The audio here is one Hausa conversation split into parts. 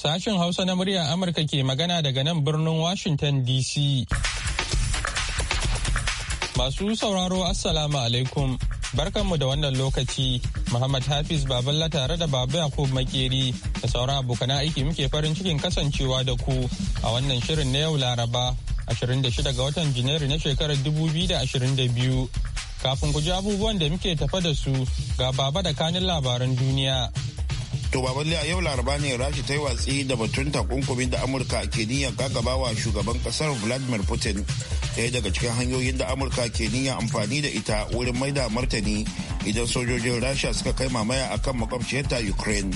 Sashen Hausa na muryar Amurka ke magana daga nan birnin Washington DC. Masu sauraro Assalamu alaikum. Barkanmu da wannan lokaci, Muhammad Hafiz Baballa tare da Baba Yakub Makeri da saura abokan aiki muke farin cikin kasancewa da ku a wannan shirin na yau Laraba 26 ga watan Janairu na shekarar 2022. Kafin ku ji abubuwan da muke tafa da su ga Baba da kanin labaran duniya. To ba balle a yau laraba ne rashi ta yi watsi da batun takunkumin da Amurka ke niyyar gagabawa shugaban kasar Vladimir Putin. Ɗaya daga cikin hanyoyin da Amurka ke niyyar amfani da ita wurin maida martani idan sojojin Rasha suka kai mamaya a kan makwabciyarta Ukraine.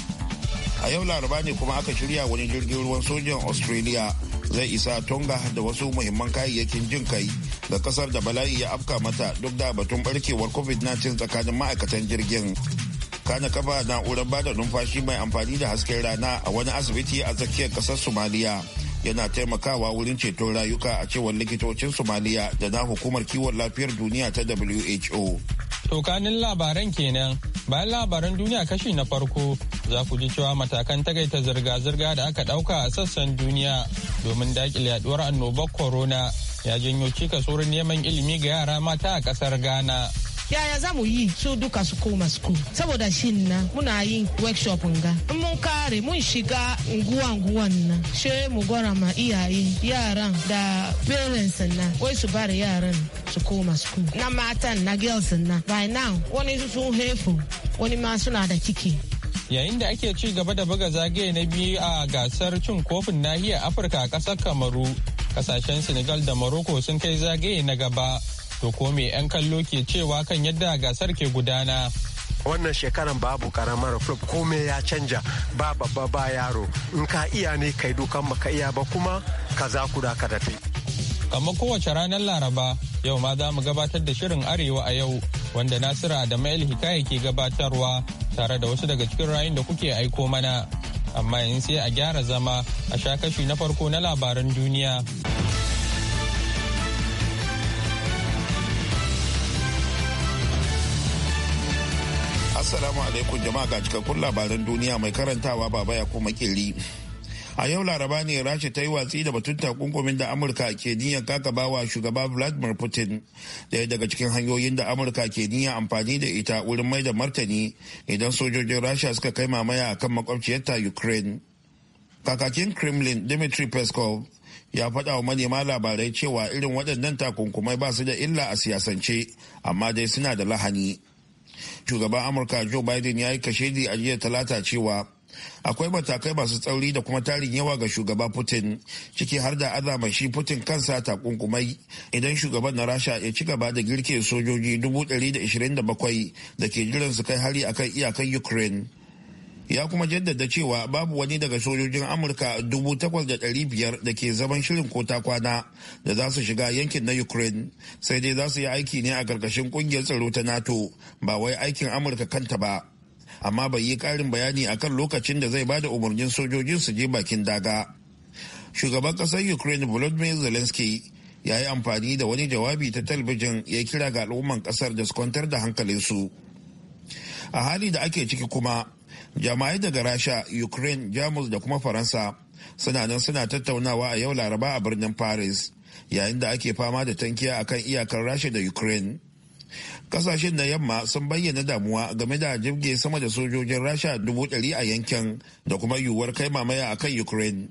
A yau laraba ne kuma aka shirya wani jirgin ruwan sojan Australia zai isa Tonga da wasu muhimman kayayyakin jin kai ga kasar da bala'i ya afka mata duk da batun barkewar COVID-19 tsakanin ma'aikatan jirgin. kana kafa na'urar bada numfashi mai amfani da hasken rana a wani asibiti a tsakiyar kasar somaliya yana taimakawa wurin ceton rayuka a cewar likitocin somaliya da na hukumar kiwon lafiyar duniya ta who tokanin labaran kenan bayan labaran duniya kashi na farko za ku ji cewa matakan tagaita zirga-zirga da aka dauka a sassan duniya domin dakile yaduwar annobar corona ya janyo cika neman ilimi ga yara mata a ƙasar ghana yaya za mu yi su duka su koma school saboda shi na muna yi workshop nga mun kare mun shiga unguwa-unguwan na she mu gwara ma iyaye yaran da parents na wai su bari yaran su koma school na matan na girls na by now wani sun haifu wani ma suna da ciki yayin da ake ci gaba da buga zagaye na biyu a gasar cin kofin nahiyar afirka a kasar kamaru kasashen senegal da morocco sun kai zagaye na gaba To ko me 'yan kallo ke cewa kan yadda gasar ke gudana? wannan shekaran babu karamar flop komai ya canja ba babba ba yaro in ka iya ne kai dukan maka iya ba kuma ka za ku da ka tafi. kamar kowace ranar laraba yau ma za mu gabatar da shirin arewa a yau wanda nasira da mail hikaya ke gabatarwa tare da wasu daga cikin rayun da kuke aiko mana amma yanzu sai a gyara zama a sha kashi na farko na labaran duniya. Assalamu alaikum jama'a ga cikakkun labaran duniya mai karantawa baba ya kuma kili. A yau laraba ne Rasha ta yi watsi da batun takunkumin da Amurka ke niyyar wa shugaba Vladimir Putin daya daga cikin hanyoyin da Amurka ke niyyar amfani da ita wurin mai da martani idan sojojin Rasha suka kai mamaya kan makwabciyarta Ukraine. Kakakin Kremlin Dmitry Peskov ya faɗa wa manema labarai cewa irin waɗannan takunkumai ba su da illa a siyasance amma dai suna da lahani. shugaban amurka joe biden ya yi kashedi a jiya talata cewa akwai matakai masu tsauri da kuma tarin yawa ga shugaba putin ciki har da azama shi putin kansa takunkumai idan shugaban na rasha ya ci gaba da girke sojoji 127 da ke jiran su kai hari akan iyakar ukraine ya kuma jaddada cewa babu wani daga sojojin amurka 8,500 da ke zaman shirin ko ta kwana da za su shiga yankin na ukraine sai dai za su yi aiki ne a ƙarƙashin ƙungiyar tsaro ta nato ba wai aikin amurka kanta ba amma bai yi ƙarin bayani akan lokacin da zai bada umarnin sojojin su je bakin daga shugaban ƙasar ukraine volodymyr zelensky ya yi amfani da wani jawabi ta talabijin ya kira ga al'umman ƙasar da su kwantar da hankalinsu a hali da ake ciki kuma jama'ai daga rasha ukraine jamus da kuma faransa suna nan suna tattaunawa a yau laraba a birnin paris yayin da ake fama da tankiya a kan iyakar rasha da ukraine kasashen na yamma sun bayyana damuwa game da jirge sama da sojojin rasha dubu ɗari a yankin da kuma yiwuwar kai mamaya kan ukraine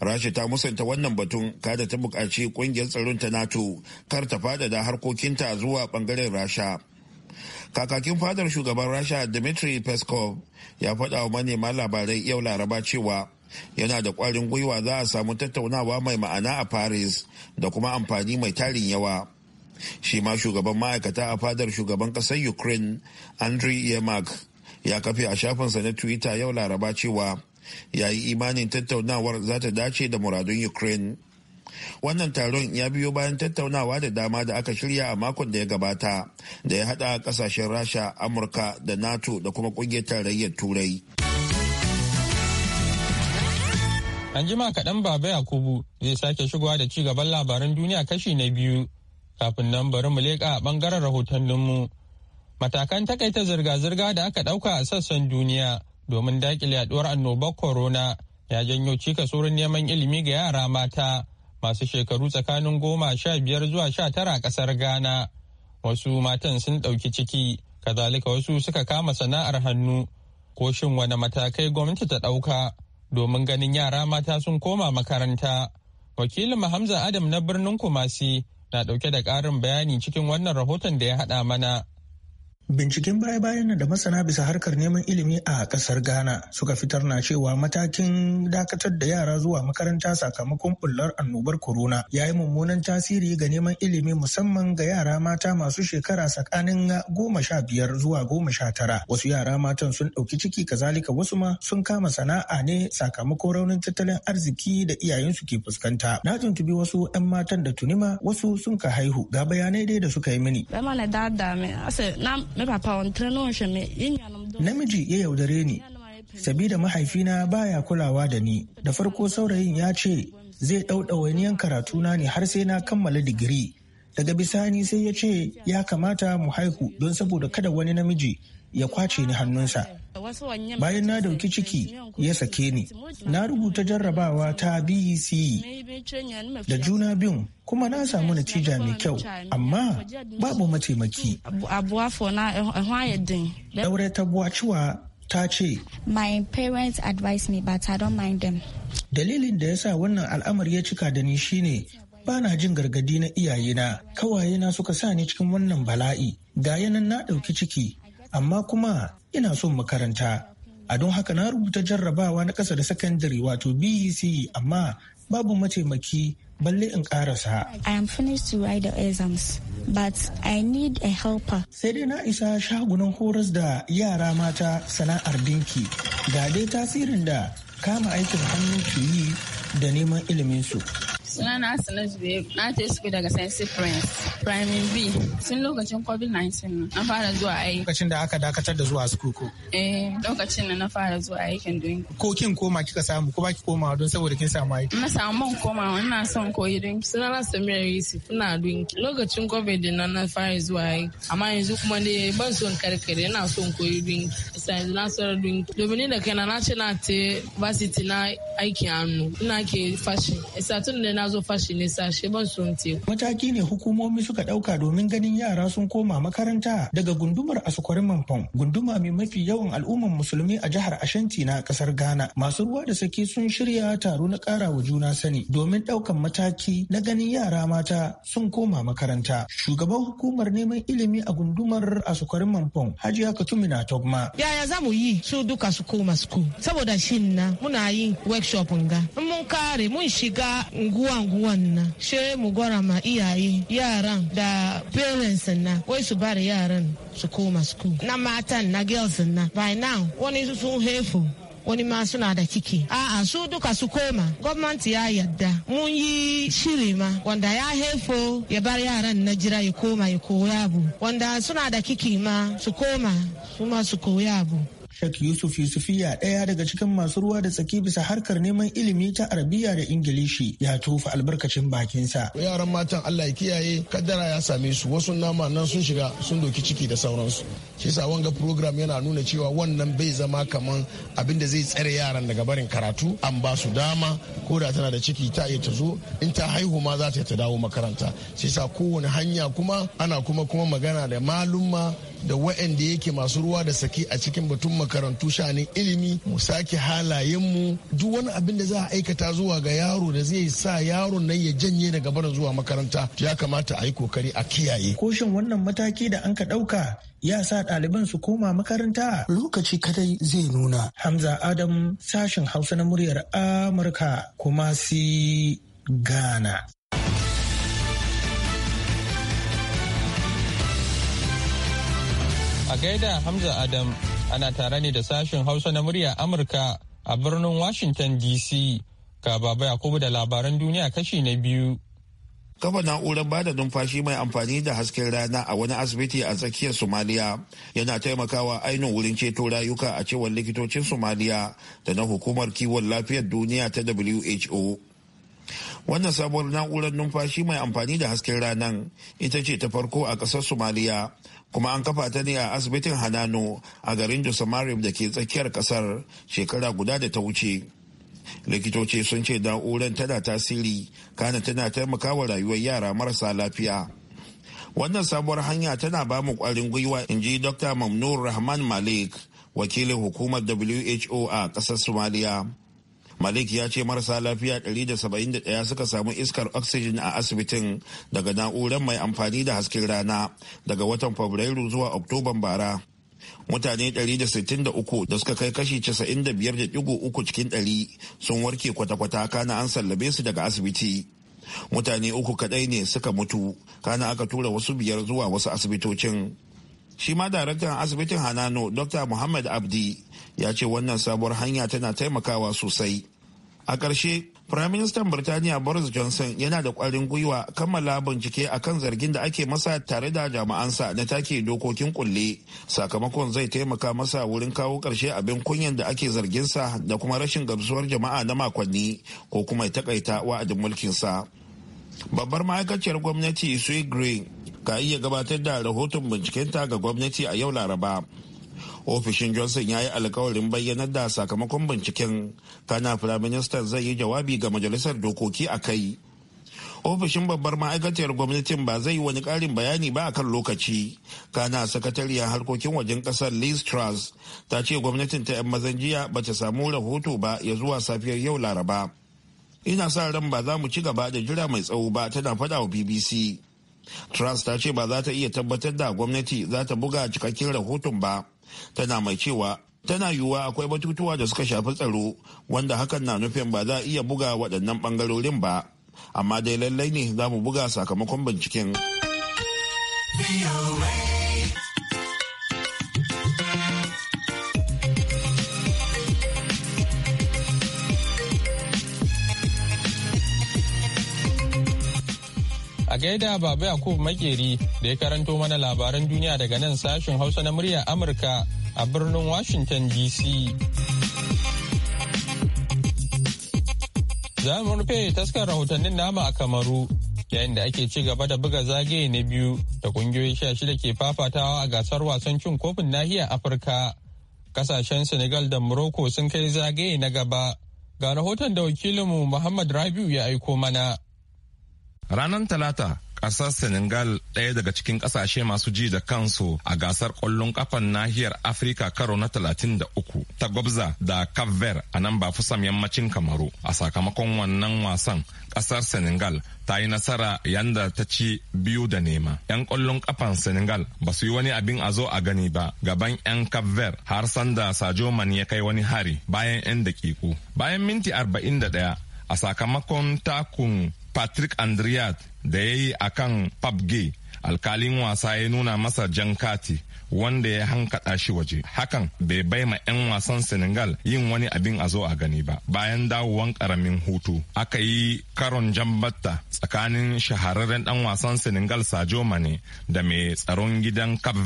rasha ta musanta wannan batun kada ta buƙaci ƙungiyar tsaron ta nato kar ta faɗaɗa harkokinta zuwa bangaren rasha kakakin fadar shugaban rasha dmitry peskov ya faɗa wa manema labarai yau laraba cewa yana da ƙwarin gwiwa za a samu tattaunawa mai ma'ana a paris da kuma amfani mai tarin yawa shi ma shugaban ma'aikata a fadar shugaban ƙasar ukraine andriy yemak ya kafe a shafinsa na twitter yau laraba cewa ya yi imanin tattaunawar za ta dace da muradun ukraine wannan taron ya biyo bayan tattaunawa da dama da aka shirya a makon da ya gabata da ya hada kasashen rasha amurka da nato da kuma kungiyar tarayyar turai an jima kaɗan baba yakubu zai sake shigowa da ci gaban labaran duniya kashi na biyu kafin nan bari mu leƙa a ɓangaren rahotanninmu matakan takaita zirga-zirga da aka ɗauka a sassan duniya domin daƙile yaduwar annobar korona ya janyo cika neman ilimi ga yara mata masu shekaru tsakanin goma sha biyar zuwa sha tara a ƙasar Ghana. Wasu matan sun ɗauki ciki, kazalika wasu suka kama sana'ar hannu. Ko shin wani matakai gwamnati ta ɗauka domin ganin yara mata sun koma makaranta? Wakilin Hamza Adam na birnin Kumasi na ɗauke da ƙarin bayani cikin wannan rahoton da ya haɗa mana. Binciken baya-bayan da masana bisa harkar neman ilimi a ƙasar Ghana suka fitar na cewa matakin dakatar da yara zuwa makaranta sakamakon bullar annobar corona ya yi mummunan tasiri ga neman ilimi musamman ga yara mata masu shekara tsakanin goma sha biyar zuwa goma sha tara. Wasu yara matan sun ɗauki ciki kazalika wasu ma sun kama sana'a ne sakamakon raunin tattalin arziki da iyayensu ke fuskanta. Na tuntubi wasu 'yan matan da tunima wasu sun ka haihu ga bayanai dai da suka yi mini. Namiji ya yaudare ni, sabida mahaifina baya kulawa da ni, da farko saurayin ya ce zai ɗauɗawainiyan karatuna ne har sai na kammala digiri. Daga bisani sai ya ce ya kamata mu haihu don saboda kada wani namiji ya kwace ni hannunsa. bayan na dauki ciki ya sake ni na rubuta jarrabawa ta bec e. da juna biyun kuma na samu natija mai kyau amma babu mataimaki eh, eh, daure ta buwaciwa ta ce my parents advised me but i don't mind them dalilin da ya sa wannan al'amari ya cika da ni shine ba na jin gargadi na iyayena kawayena suka sa ni cikin wannan bala'i ga yanan na ɗauki ciki amma kuma ina son makaranta a don haka na rubuta jarrabawa na ƙasa da sakandare wato bec amma babu mataimaki balle in karasa. I am finished to write the exams, but I need a helper. Sai dai na isa shagunan horas da yara mata sana'ar dinki. Ga dai tasirin da kama aikin hannu ke yi da neman ilimin su. Suna na Asana Zubairu, na ta yi daga Science Prince, Primary B, sun lokacin COVID-19 na fara zuwa aiki. Lokacin da aka dakatar da zuwa suku ko? Eh, lokacin da na fara zuwa aikin doyin. Ko kin koma kika samu, ko baki komawa don saboda kin samu aiki? Na samu man koma wannan son koyi din Suna na Samira Yusuf, ina doyin. Lokacin COVID din na fara zuwa aiki, amma yanzu kuma ne ban son karkare, ina son koyi din Sai na sauran doyin. Domin da kana na ce na te varsity na aiki hannu, ina ke fashion. Isa tun da na zo fashi ne sashe ban sun Mataki ne hukumomi suka ɗauka domin ganin yara sun koma makaranta daga gundumar Asukwarin Manfan, gunduma mai mafi yawan al'umman musulmi a jihar Ashanti na kasar Ghana. Masu ruwa da sake sun shirya taro na ƙara wa juna sani domin ɗaukan mataki na ganin yara mata sun koma makaranta. Shugaban hukumar neman ilimi a gundumar Asukwarin Manfan, Hajiya Katumina Togma. Yaya za mu yi su duka su koma school? Saboda shin na muna yin workshop nga. mun kare mun shiga unguwa anguwan na she mu gwara ma iyaye yaran da parents na wai su bari yaran su koma school na matan na girls na by now wani sun hefo wani ma suna da ciki. A'a su duka su koma. Gwamnati ya yadda. Mun yi shiri ma wanda ya hefo ya bar yaran na jira ya koma ya koya bu Wanda suna da kiki ma su koma su ma su koya bu Sheikh Yusuf Yusufiya ɗaya daga cikin masu ruwa da tsaki bisa harkar neman ilimi ta Arabiya da Ingilishi ya tofa albarkacin bakinsa. Yaran matan Allah ya kiyaye kaddara ya same su wasu nama nan sun shiga sun doki ciki da sauransu. Shi sa wanga program yana nuna cewa wannan bai zama kamar abin da zai tsare yaran daga barin karatu an ba su dama ko da tana da ciki ta iya ta zo in ta haihu ma za ta dawo makaranta. Shi sa kowane hanya kuma ana kuma kuma magana da malumma da waɗanda yake masu ruwa da saki a cikin batun makarantu shanin ilimi mu sake halayen mu. duk wani abin da za a aikata zuwa ga yaro da zai sa yaron nan ya janye daga barin zuwa makaranta ya kamata a yi kokari a kiyaye. Koshin wannan mataki da an ka ɗauka ya sa ɗaliban su koma makaranta lokaci kadai zai nuna. Hamza Adam sashin Hausa na muryar Amurka kuma si Ghana. A gaida Hamza Adam ana tare ne da sashen Hausa na murya Amurka a birnin Washington DC. Ga Baba Yakubu da labaran duniya kashi na biyu. Kafa na'urar bada numfashi mai amfani da hasken rana a wani asibiti a tsakiyar somalia yana taimakawa ainihin wurin ceto rayuka a cewar likitocin Somaliya da na hukumar kiwon lafiyar duniya ta WHO. wannan sabuwar na'urar numfashi mai amfani da hasken ranan ita ce ta farko a ƙasar somaliya kuma an kafa ta ne a asibitin hanano a garin josamarib da ke tsakiyar kasar shekara guda da ta wuce likitoci sun ce na'urar tana tasiri kana tana taimakawa rayuwar yara marasa lafiya wannan sabuwar hanya tana ba mu kwarin gwiwa in ji dr mamnur rahman malik wakilin hukumar who a ƙasar Somalia. malik ya ce marasa lafiya 171 suka samu iskar oxygen a asibitin daga na'urar mai amfani da hasken rana daga watan fabrairu zuwa oktoban bara mutane 163 da suka kai kashi 95.3 cikin 100 sun warke kwata-kwata kana an sallabe su daga asibiti mutane uku kadai ne suka mutu kana aka tura wasu biyar zuwa wasu asibitocin shi ma daraktan asibitin hanano dr muhammad abdi ya ce wannan sabuwar hanya tana taimakawa sosai a ƙarshe Firaministan Birtaniya Boris Johnson yana da ƙwarin gwiwa kammala bincike akan zargin da ake masa tare da jami'ansa na take dokokin kulle sakamakon zai taimaka masa wurin kawo ƙarshe abin kunyan da ake zarginsa da kuma rashin gamsuwar jama'a na makonni ko kuma ya takaita wa'adin mulkinsa. Babbar ma'aikaciyar gwamnati Sue Green ka iya gabatar da rahoton bincikenta ga gwamnati a yau Laraba ofishin johnson ya yi alkawarin bayyanar da sakamakon binciken kana firaministan zai yi jawabi ga majalisar dokoki a kai ofishin babbar ma'aikatar gwamnatin ba zai yi wani ƙarin bayani ba akan lokaci kana sakatariyar harkokin wajen ƙasar liz truss ta ce gwamnatin ta 'yan mazan jiya ba ta samu rahoto ba ya zuwa safiyar yau laraba ina sa ran ba za mu ci gaba da jira mai tsawo ba tana faɗa wa bbc truss ta ce ba za ta iya tabbatar da gwamnati za ta buga cikakken rahoton ba tana mai cewa tana yiwuwa akwai batutuwa da suka shafi tsaro wanda hakan na nufin ba za a iya buga waɗannan ɓangarorin ba amma dai lallai ne za mu buga sakamakon binciken. A gaida Baba Yakub Makeri da ya karanto mana labaran duniya daga nan sashen Hausa na murya Amurka a birnin Washington DC. Za mu rufe taskar rahotannin nama a Kamaru yayin da ake ci gaba da buga zagaye na biyu da kungiyoyi sha shida ke fafatawa a gasar wasan cin kofin nahiyar Afirka. Kasashen Senegal da Morocco sun kai zagaye na gaba. Ga rahoton da wakilinmu Muhammad Rabiu ya aiko mana. Ranar Talata, ƙasar Senegal ɗaya daga cikin ƙasashe masu ji da kansu a gasar ƙwallon ƙafan nahiyar Afirka karo na 33 ta gwabza da Kavver a nan ba fusam yammacin Kamaru. A sakamakon wannan wasan, ƙasar Senegal ta yi nasara yanda ta ci biyu da nema. 'Yan ƙwallon ƙafan Senegal ba su yi wani abin a zo a gani ba gaban 'yan Kavver har sanda Sajo ya kai wani hari bayan 'yan daƙiƙu. Bayan minti 41 a sakamakon takun patrick andriat da ya yi a kan alkalin wasa ya nuna masa jan kati wanda ya hankada shi waje hakan bai bai ma 'yan wasan senegal yin wani abin a zo a gani ba bayan dawowan karamin hutu aka yi karon jambatta tsakanin shahararren dan wasan senegal sajo mane da mai tsaron gidan cap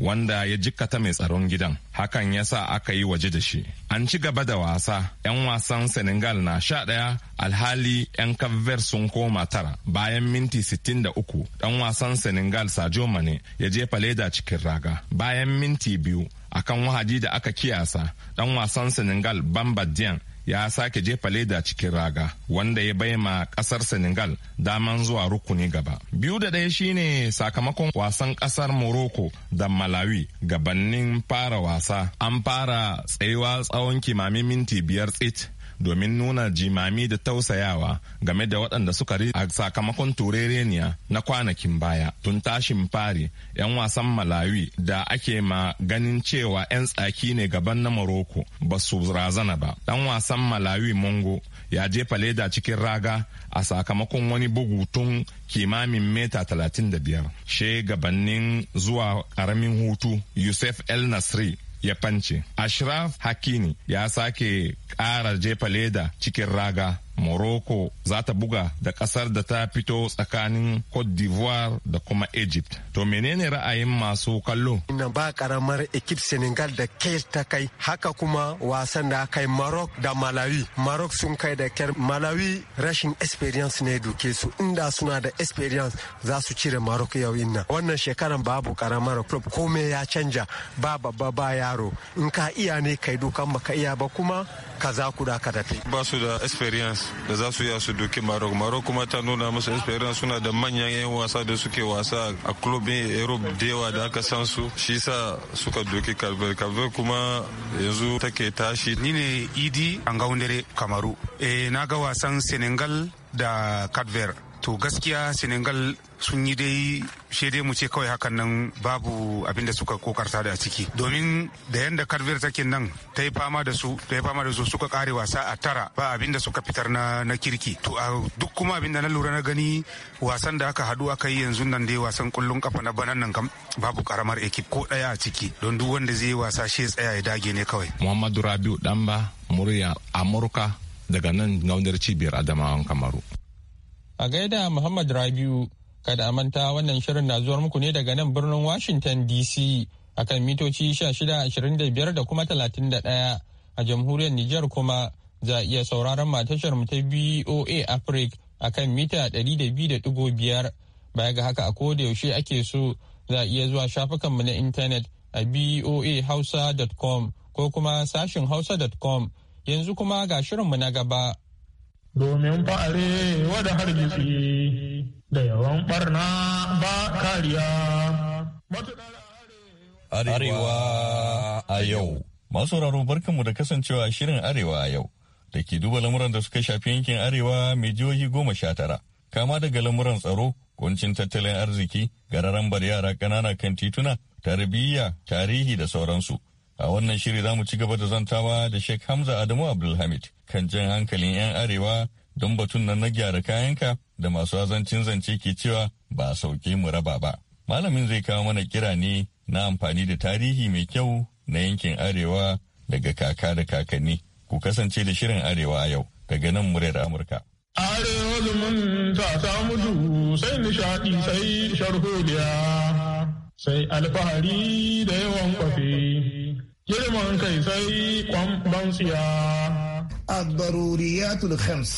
wanda ya jikata mai tsaron gidan hakan ya sa aka yi waje da shi an ci gaba da wasa 'yan wasan senegal na sha ɗaya alhali 'yan cap sun koma tara bayan minti 63 dan wasan senegal senegal sadio mane ya jefa leda cikin raga bayan minti biyu a kan wahadi da aka kiyasa dan wasan senegal bamba Dian ya sake jefa leda cikin raga wanda ya bai ma kasar senegal daman zuwa rukuni gaba biyu da ɗaya shine sakamakon wasan kasar morocco da malawi gabanin fara wasa an fara tsayuwa tsawon kimamin minti biyar tsit domin nuna jimami da tausayawa game da waɗanda suka ri a sakamakon turereniya na kwanakin baya tun tashin fari 'yan wasan malawi da ake ma ganin cewa 'yan tsaki ne gaban na maroko ba su razana ba ɗan wasan malawi mongo ya jefa leda cikin raga a sakamakon wani bugu tun kimamin meta 35 she gabanin zuwa ƙaramin hutu yusuf el nasri ya fance ashraf hakini ya sake ƙara jefa leda cikin raga Morocco za ta buga da kasar da ta fito tsakanin Cote d'Ivoire da kuma Egypt. To menene ra'ayin masu kallo? Ina ba karamar ekip Senegal da Kate ta kai haka kuma wasan da kai Maroc da Malawi. Maroc sun kai da kyar Malawi rashin experience ne duke su inda suna da experience za su cire Maroc yau inna. Wannan shekaran babu karamar club kome ya canja ba babba ba yaro. In ka iya ne kai dukan baka iya ba kuma ka za ku da ka tafi. Ba su da experience da za su yi su doki Maroc. Maroc kuma ta nuna musu experience suna da manyan 'yan wasa da suke wasa a clubin Europe da yawa da aka san su shi sa suka doki Calvary. Calvary kuma yanzu take tashi. Ni ne Idi Angaundere Kamaru. Eh na ga wasan Senegal da Cap to gaskiya senegal sun yi dai dai mu ce kawai hakan nan babu abin da suka kokarta da ciki domin da yadda karviyar take nan ta yi fama da su ta yi fama da su suka kare wasa a tara ba abin da suka fitar na na kirki to a duk kuma abin da na lura na gani wasan da aka hadu aka yi yanzu nan dai wasan kullun kafa na banan nan kam babu karamar ekip ko daya a ciki don duk wanda zai yi wasa shi tsaya ya dage ne kawai muhammadu rabiu damba murya amurka daga nan gaunar cibiyar adamawan kamaru A gaida Muhammad Rabiu, kada a manta wannan shirin na zuwar muku ne daga nan birnin Washington DC akan mitoci 1625 da kuma 31 a jamhuriyar Nijar kuma za iya sauraron matashar mu ta BOA Africa akan mita 200.5 baya ga haka a koda yaushe ake so za a iya zuwa shafukanmu na intanet a boahausa.com ko kuma sashin hausa.com yanzu kuma ga shirin mu na gaba. domin fa'are da hargitsi da yawan barna ba kariya. Arewa a yau Masu sauraro barkanmu da kasancewa shirin Arewa a yau da ke duba lamuran da suka shafi yankin Arewa mai jihohi goma sha tara. Kama daga lamuran tsaro, kuncin tattalin arziki, gararan bar yara ƙanana kan tituna, tarbiyya, tarihi da sauransu. A wannan shiri za mu ci gaba da zantawa da Sheikh Hamza Adamu Abdulhamid kan jan hankalin 'yan arewa don batun nan na gyara kayanka da masu azancin zance ke cewa ba a sauke mu raba ba. Malamin zai kawo mana kira ne na amfani da tarihi mai kyau na yankin arewa daga kaka da kakanni. Ku kasance da shirin arewa yau daga nan muryar Amurka. Arewa zumunta ta mutu sai nishaɗi sai sharholiya sai alfahari da yawan kwafe. girman kai sai kwamban Abaruriyatul khams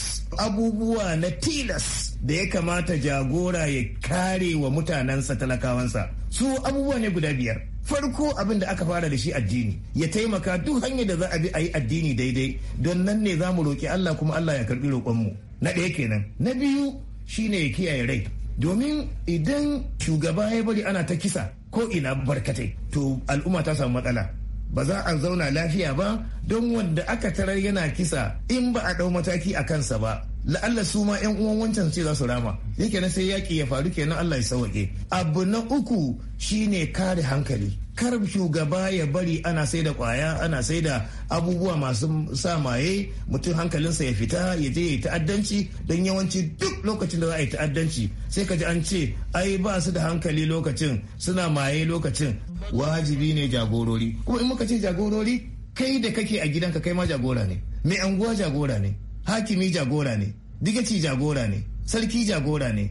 abubuwa na tilas da ya kamata jagora ya kare wa mutanensa talakawansa su abubuwa ne guda biyar. farko abin da aka fara da shi addini ya taimaka duk hanyar da za a bi a yi addini daidai don nan ne za mu roƙi Allah kuma Allah ya karɓi roƙonmu na ɗaya kenan na biyu shine ya kiyaye rai domin idan shugaba ya bari ana ta kisa ko ina barkatai to al'umma ta samu matsala ba za a zauna lafiya ba don wanda aka tarar yana kisa in ba a ɗau mataki a kansa ba la'alla su ma yan uwan wancan ce za su rama yake na sai yaki ya faru kenan Allah ya sauke abu na uku shine kare hankali kar shugaba ya bari ana sai da kwaya ana sai da abubuwa masu sa maye mutum hankalinsa ya fita ya je ya yi ta'addanci don yawanci duk lokacin da za a yi ta'addanci sai ka ji an ce ai ba su da hankali lokacin suna maye lokacin wajibi ne jagorori kuma in muka ce jagorori kai da kake a gidanka kai ma jagora ne mai anguwa jagora ne hakimi jagora ne digaci jagora ne sarki jagora ne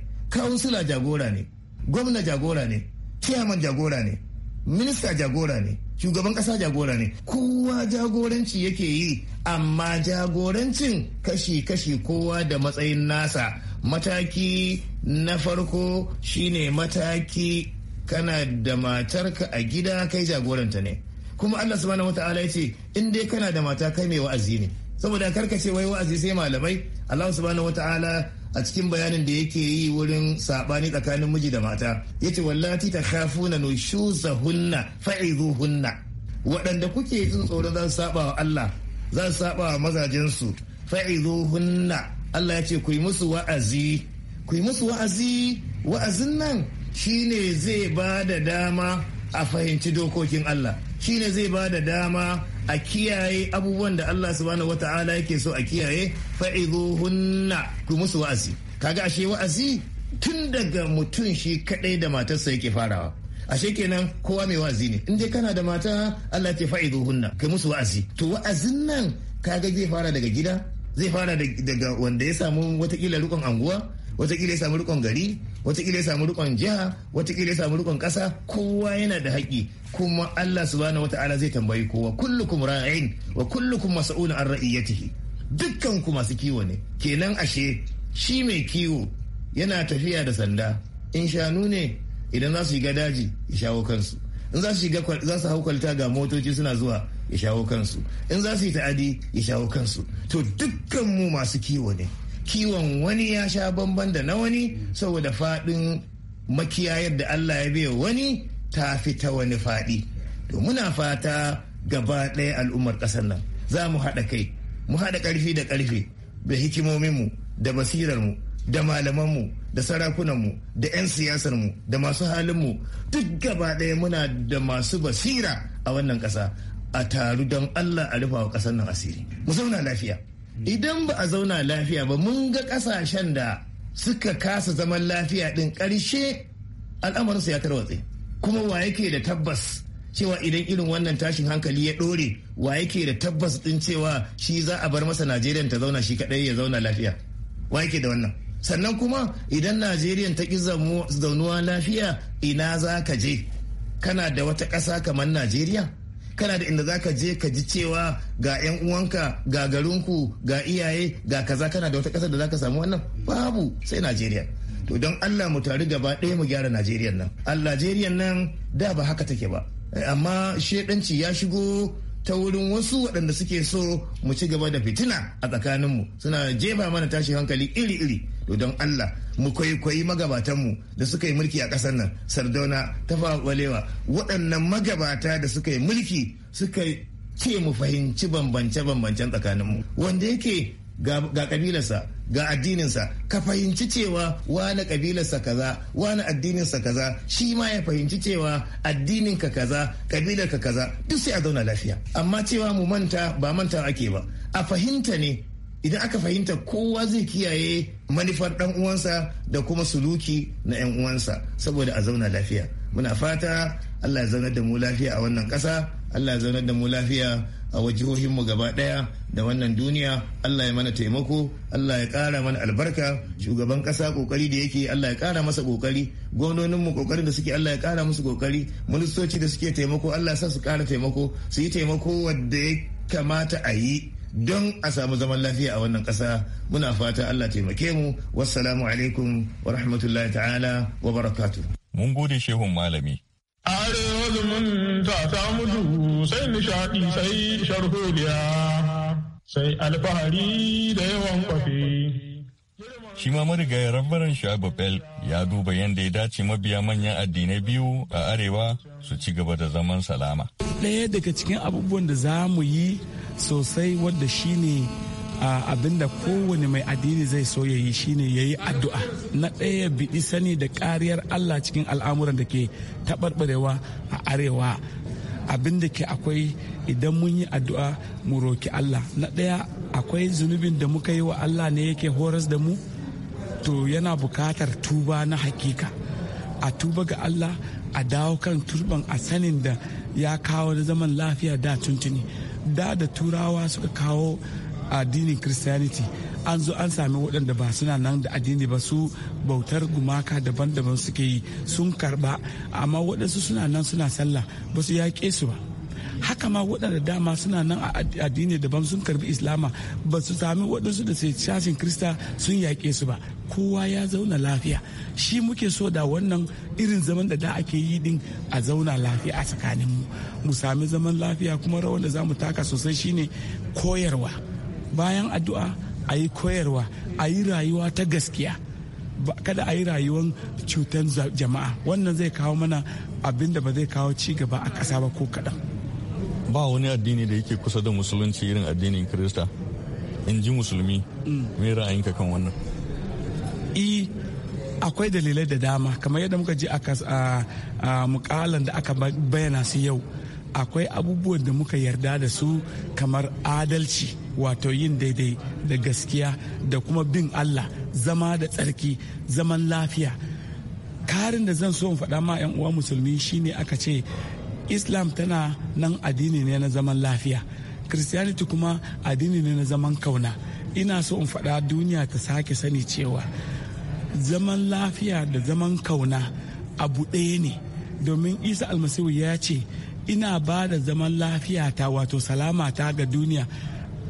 jagora ne gwamna jagora ne Kiyaman jagora ne minista jagora ne shugaban kasa jagora ne kowa jagoranci yake yi amma jagorancin kashi-kashi kowa da matsayin nasa mataki na farko shine mataki kana da matarka a gida kai jagoranta ne kuma allah subhanahu wata'ala ya ce in dai kana da mata kai mai wa'azi ne saboda karkace wai wa'azi sai malamai Allah subhanahu wataala a cikin bayanin da yake yi wurin sabani tsakanin miji da mata yace wallati takhafuna nushuzahunna fa'idhuhunna waɗanda kuke jin tsoro zan saba wa Allah Zan su saba wa mazajensu fa'izuhunna Allah yace kuyi ku yi musu wa'azi ku yi musu wa'azi wa'azin nan shine zai ba da dama a fahimci dokokin Allah shine zai ba da dama a kiyaye abubuwan da Allah subhanahu wata'ala yake so a kiyaye fa'izuhunna ku musu wa'azi kaga ashe wa'azi tun daga mutum shi kadai da matarsa yake farawa ashe kenan kowa mai wa'azi ne in dai kana da mata Allah ce fa'izuhunna ku musu wa'azi to wa'azin nan kaga zai fara daga gida zai fara daga wanda ya samu watakila rukon anguwa watakila ya samu rukon gari watakila ya samu rikon jiha watakila ya samu rikon kasa kowa yana da haƙƙi kuma Allah subhanahu wata'ala zai tambayi kowa kullukum ra'in wa kullukum mas'ulun an ra'iyatihi dukkan ku masu kiwo ne kenan ashe shi mai kiwo yana tafiya da sanda in shanu ne idan za su shiga daji ya shawo kansu in za su shiga za su ga motoci suna zuwa ya shawo kansu in za su yi ta'adi ya shawo kansu to dukkan mu masu kiwo ne kiwon wani ya sha bamban da na wani saboda faɗin makiyayar da Allah ya biya wani ta fi ta wani faɗi to muna fata gaba ɗaya al'ummar ƙasar nan za mu haɗa kai mu haɗa ƙarfi da ƙarfi da hikimominmu da basirarmu da malamanmu da sarakunanmu da 'yan siyasarmu da masu halinmu duk gaba ɗaya muna da masu basira a wannan ƙasa a taru don Allah a rufa wa ƙasar nan asiri mu zauna lafiya idan ba a zauna lafiya ba mun ga kasashen da suka kasa zaman lafiya din karshe. al'amarinsu ya tarwatse kuma wa yake da tabbas cewa idan irin wannan tashin hankali ya dore. wa yake da tabbas din cewa shi za a bar masa najeriya ta zauna shi kadai ya zauna lafiya wa yake da wannan sannan kuma idan najeriya ta ki zaunuwa lafiya ina za ka je kana da wata ƙasa kamar najeriya kana da inda zaka je ka ji cewa ga yan uwanka ga garinku ga iyaye ga kaza kana da wata kasar da zaka samu wannan babu sai najeriya to don allah mu tare gaba ɗaya mu gyara najeriya nan najeriya nan da ba haka take ba eh, amma shedanci ya shigo ta wurin wasu waɗanda suke so mu ci gaba da fitina a tsakaninmu suna jefa mana tashi hankali iri-iri to don Allah mu kwaikwayi magabatanmu da suka yi mulki a ƙasar nan sardauna tafa walewa waɗannan magabata da suka yi mulki suka ce mu fahimci bambance-bambancen tsakaninmu wanda yake ga kabilarsa ga addininsa ka fahimci cewa wani kabilarsa kaza wani addininsa kaza shi ma ya fahimci cewa addininka kaza kabilarka kaza duk sai a zauna lafiya amma cewa mu manta ba manta ake ba a fahimta ne idan aka fahimta kowa zai kiyaye manufar dan uwansa da kuma suluki na yan uwansa saboda a zauna lafiya muna fata Allah ya zaunar da mu lafiya a wannan ƙasa Allah ya zaunar da mu lafiya a wajihohinmu gaba ɗaya da wannan duniya Allah ya mana taimako Allah ya ƙara mana albarka shugaban ƙasa ƙoƙari da yake Allah ya ƙara masa ƙoƙari mu ƙoƙarin da suke Allah ya ƙara musu ƙoƙari ministoci da suke taimako Allah ya sa su ƙara taimako su yi taimako wadda ya kamata a yi don a samu zaman lafiya a wannan kasa muna fata Allah taimake mu wassalamu alaikum wa rahmatullahi ta'ala wa barakatu. Mun gode shehun malami. Arewa zumunta ta mutu sai nishaɗi sai sharholiya sai alfahari da yawan kwafi. Shi ma rabbaran Shu'aibu ya duba yadda ya dace mabiya manyan addinai biyu a arewa su ci gaba da zaman salama. Ɗaya daga cikin abubuwan da za mu yi sosai wadda shine abinda kowane mai addini zai so ya yi ne ya yi addu'a na ɗaya biɗi sani da ƙariyar allah cikin al'amuran da ke taɓarɓarewa a arewa abinda ke akwai idan mun yi addu'a mu roki allah na ɗaya akwai zunubin da muka yi wa allah ne yake horas da mu to yana bukatar tuba na hakika a tuba ga allah a dawo kan turban a sanin da ya kawo zaman lafiya da tuntuni da da turawa suka kawo addinin christianity an zo an sami waɗanda ba suna nan da addini ba su bautar gumaka daban-daban suke yi sun karɓa amma waɗansu suna nan suna sallah ba su yaƙe su ba haka ma waɗanda dama suna nan a addini daban sun karbi islama ba su sami waɗansu da sashen krista sun yaƙe su ba kowa ya zauna lafiya shi muke so da wannan irin zaman da da ake yi din a zauna lafiya a tsakanin mu mu sami zaman lafiya kuma rawar da za mu taka sosai shine koyarwa bayan addu'a a yi koyarwa a yi rayuwa ta gaskiya kada a yi rayuwar cutar jama'a wannan zai kawo mana abinda ba zai kawo ci gaba a ƙasa ba ko kaɗan. ba wani addini da yake kusa da musulunci irin addinin kirista in ji musulmi me ra'ayinka kan wannan E akwai dalilai da dama kamar yadda muka ji a mukalan da aka bayyana su yau akwai abubuwan da muka yarda da su kamar adalci wato yin daidai da gaskiya da kuma bin allah zama da tsarki zaman lafiya karin da zan so in faɗa ma 'yan uwa musulmi shine aka ce islam tana nan addini ne na zaman lafiya christianity kuma addini ne na zaman kauna ina so in faɗa duniya ta sake sani cewa zaman lafiya da zaman kauna abu ɗaya ne domin isa almasihu ya ce ina ba da zaman lafiya ta wato salama ta ga duniya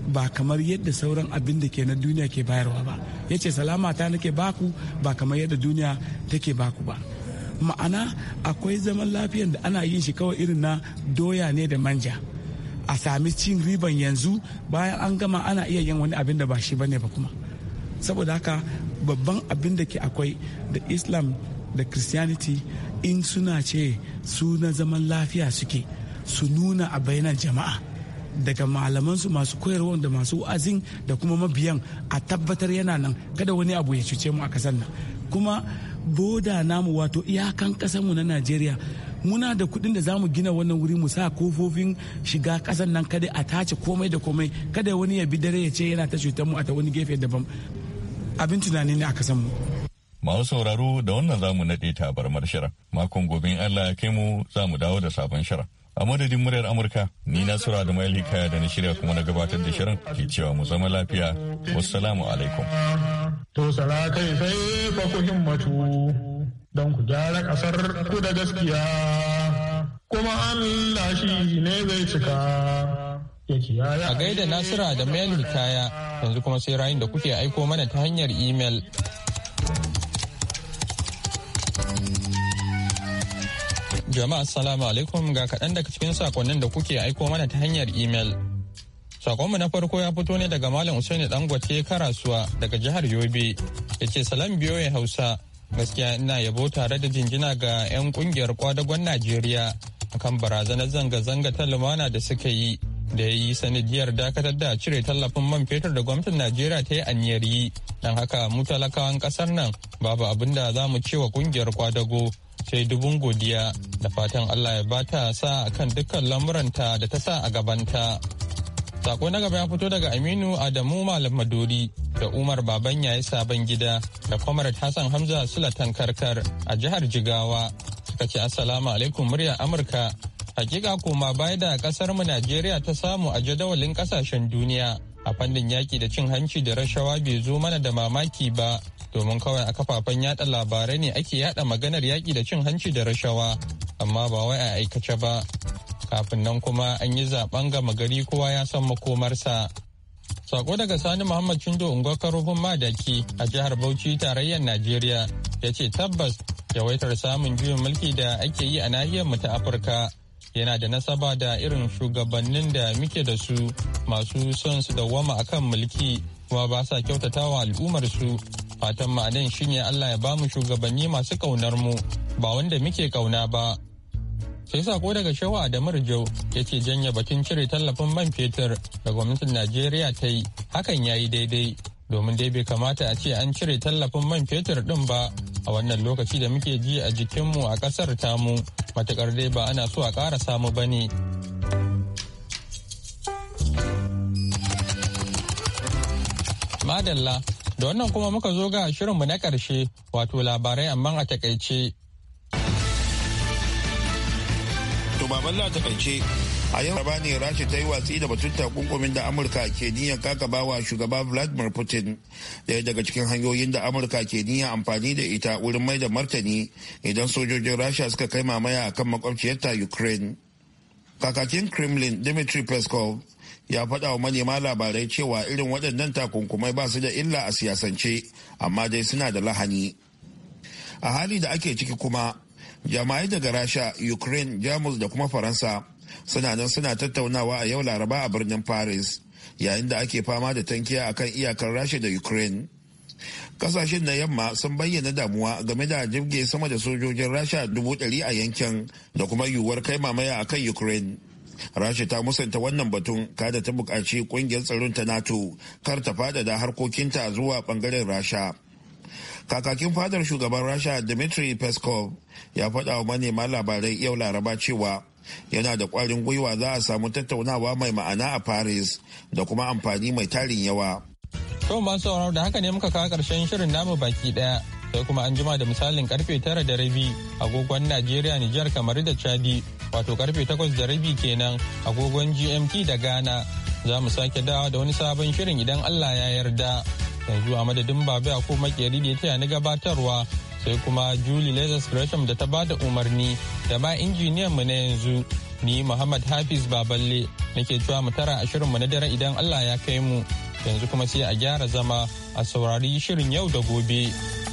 ba kamar yadda sauran abin da ke na duniya ke bayarwa ba ya ce salama ta nake baku ba kamar yadda duniya take baku ba ma'ana akwai zaman lafiyan da ana yin shi kawai irin na doya ne da manja a sami cin riban yanzu bayan an gama ana iya yin wani abin da ba shi bane ba kuma saboda haka babban abin da ke akwai da islam da christianity in suna ce su na zaman lafiya suke su nuna a bainar jama'a daga malamansu masu koyarwa da masu wa'azin da kuma mabiyan a tabbatar yana nan kada wani abu ya cuce mu a kasar nan kuma boda namu wato iyakan ƙasarmu na najeriya muna da kuɗin da zamu gina wannan wuri mu sa kofofin shiga kasan nan kada a tace komai da komai kada wani ya bi dare ya ce yana ta cutar mu a ta wani gefe daban abin tunani ne a aka mu. Masu sauraro da wannan za mu naɗe tabarmar shirin. Makon gobe Allah ya kai mu za mu dawo da sabon shara. A madadin muryar Amurka, ni na Sura da Maili hikaya da na shirya kuma na gabatar da shirin ke cewa mu zama lafiya. Wassalamu alaikum. To sala kai sai fa ku himmatu don ku gyara kasar ku da gaskiya. Kuma Allah shi ne zai cika. A gaida Nasira da mail Kaya yanzu kuma sai rayun da kuke aiko mana ta hanyar imel. Jama'a assalamu alaikum ga kaɗan daga cikin sakonnin da kuke aiko mana ta hanyar imel. Sakonmu na farko ya fito ne daga Malam Usaini Dangote Karasuwa daga jihar Yobe. Ya ce salam biyo ya Hausa. Gaskiya ina yabo tare da jinjina ga 'yan kungiyar kwadagon Najeriya akan barazanar zanga-zanga ta lumana da suka yi da ya yi sanadiyar dakatar da cire tallafin man fetur da gwamnatin najeriya ta yi aniyar yi don haka mu talakawan ƙasar nan babu abin da za mu ce wa kungiyar kwadago sai dubun godiya da fatan Allah ya bata sa a kan dukkan lamuranta da ta sa a gabanta. Sako na gaba ya fito daga Aminu Adamu Malam Madori da Umar Baban yayi sabon gida da Comrade Hassan Hamza Sulatan Karkar a jihar Jigawa suka ce Assalamu alaikum murya Amurka. Hakika koma baya da kasar mu Najeriya ta samu a jadawalin kasashen duniya a fannin yaki da cin hanci da rashawa bai zo mana da mamaki ba domin kawai a kafafen yada labarai ne ake yada maganar yaki da cin hanci da rashawa amma ba wai a aikace ba kafin nan kuma an yi zaben gama gari kowa ya san makomarsa sako daga sani muhammad cindo ungwaka rufin madaki a jihar bauchi tarayyar najeriya ya ce tabbas yawaitar samun juyin mulki da ake yi a nahiyar mu ta afirka yana da nasaba da irin shugabannin da muke da su masu son su dawwama akan mulki kuma ba sa kyautatawa al'ummar su fatan mu shine Allah ya bamu shugabanni masu kaunar mu ba wanda muke kauna ba sai sako daga shawa da ya ce janya batun cire tallafin man fetur da gwamnatin Najeriya ta yi hakan ya yi daidai domin dai bai kamata a ce an cire tallafin man fetur din ba a wannan lokaci da muke ji a jikinmu a ƙasar tamu matuƙar dai ba ana so a ƙara samu ba ne. Madalla Da wannan kuma muka zo ga shirinmu na ƙarshe wato labarai amma a takaice. To baballa takaice a yau raba ne rashi ta yi watsi da batun takunkumin da amurka ke niyyar wa shugaba vladimir putin daya daga cikin hanyoyin da amurka ke niyyar amfani da ita wurin mai da martani idan sojojin rasha suka kai mamaya akan makwabciyarta ukraine kakakin kremlin dmitry peskov ya faɗa wa manema labarai cewa irin waɗannan takunkumai ba su da illa a siyasance amma dai suna da lahani a hali da ake ciki kuma jama'ai daga rasha ukraine jamus da kuma faransa suna nan suna tattaunawa a yau laraba a birnin paris yayin da ake fama da tankiya akan iyakar rasha da ukraine kasashen na yamma sun bayyana damuwa game da jirge sama da sojojin rasha dubu ɗari a yankin da kuma yiwuwar kai mamaya akan ukraine rasha ta musanta wannan batun kada ta bukaci ƙungiyar tsaron ta nato kar ta faɗaɗa harkokinta zuwa ɓangaren rasha kakakin fadar shugaban rasha dmitry peskov ya faɗa wa manema labarai yau laraba cewa yana da ƙwarin gwiwa za a samu tattaunawa mai ma'ana a paris da kuma amfani mai tarin yawa. to da haka ne muka kawo ƙarshen shirin namu baki ɗaya sai kuma an jima da misalin karfe tara da rabi agogon Najeriya Nijar kamar da Chadi wato karfe takwas da rabi kenan agogon GMT da Ghana za mu sake dawa da wani sabon shirin idan Allah ya yarda yanzu a madadin babu ko makeri da ya taya ni gabatarwa sai kuma Julie Lazarus Gresham da ta bada umarni da ma injiniyan mu na yanzu ni Muhammad Hafiz Baballe nake cewa mu tara a shirin mu na dare idan Allah ya kai mu yanzu kuma sai a gyara zama a saurari shirin yau da gobe.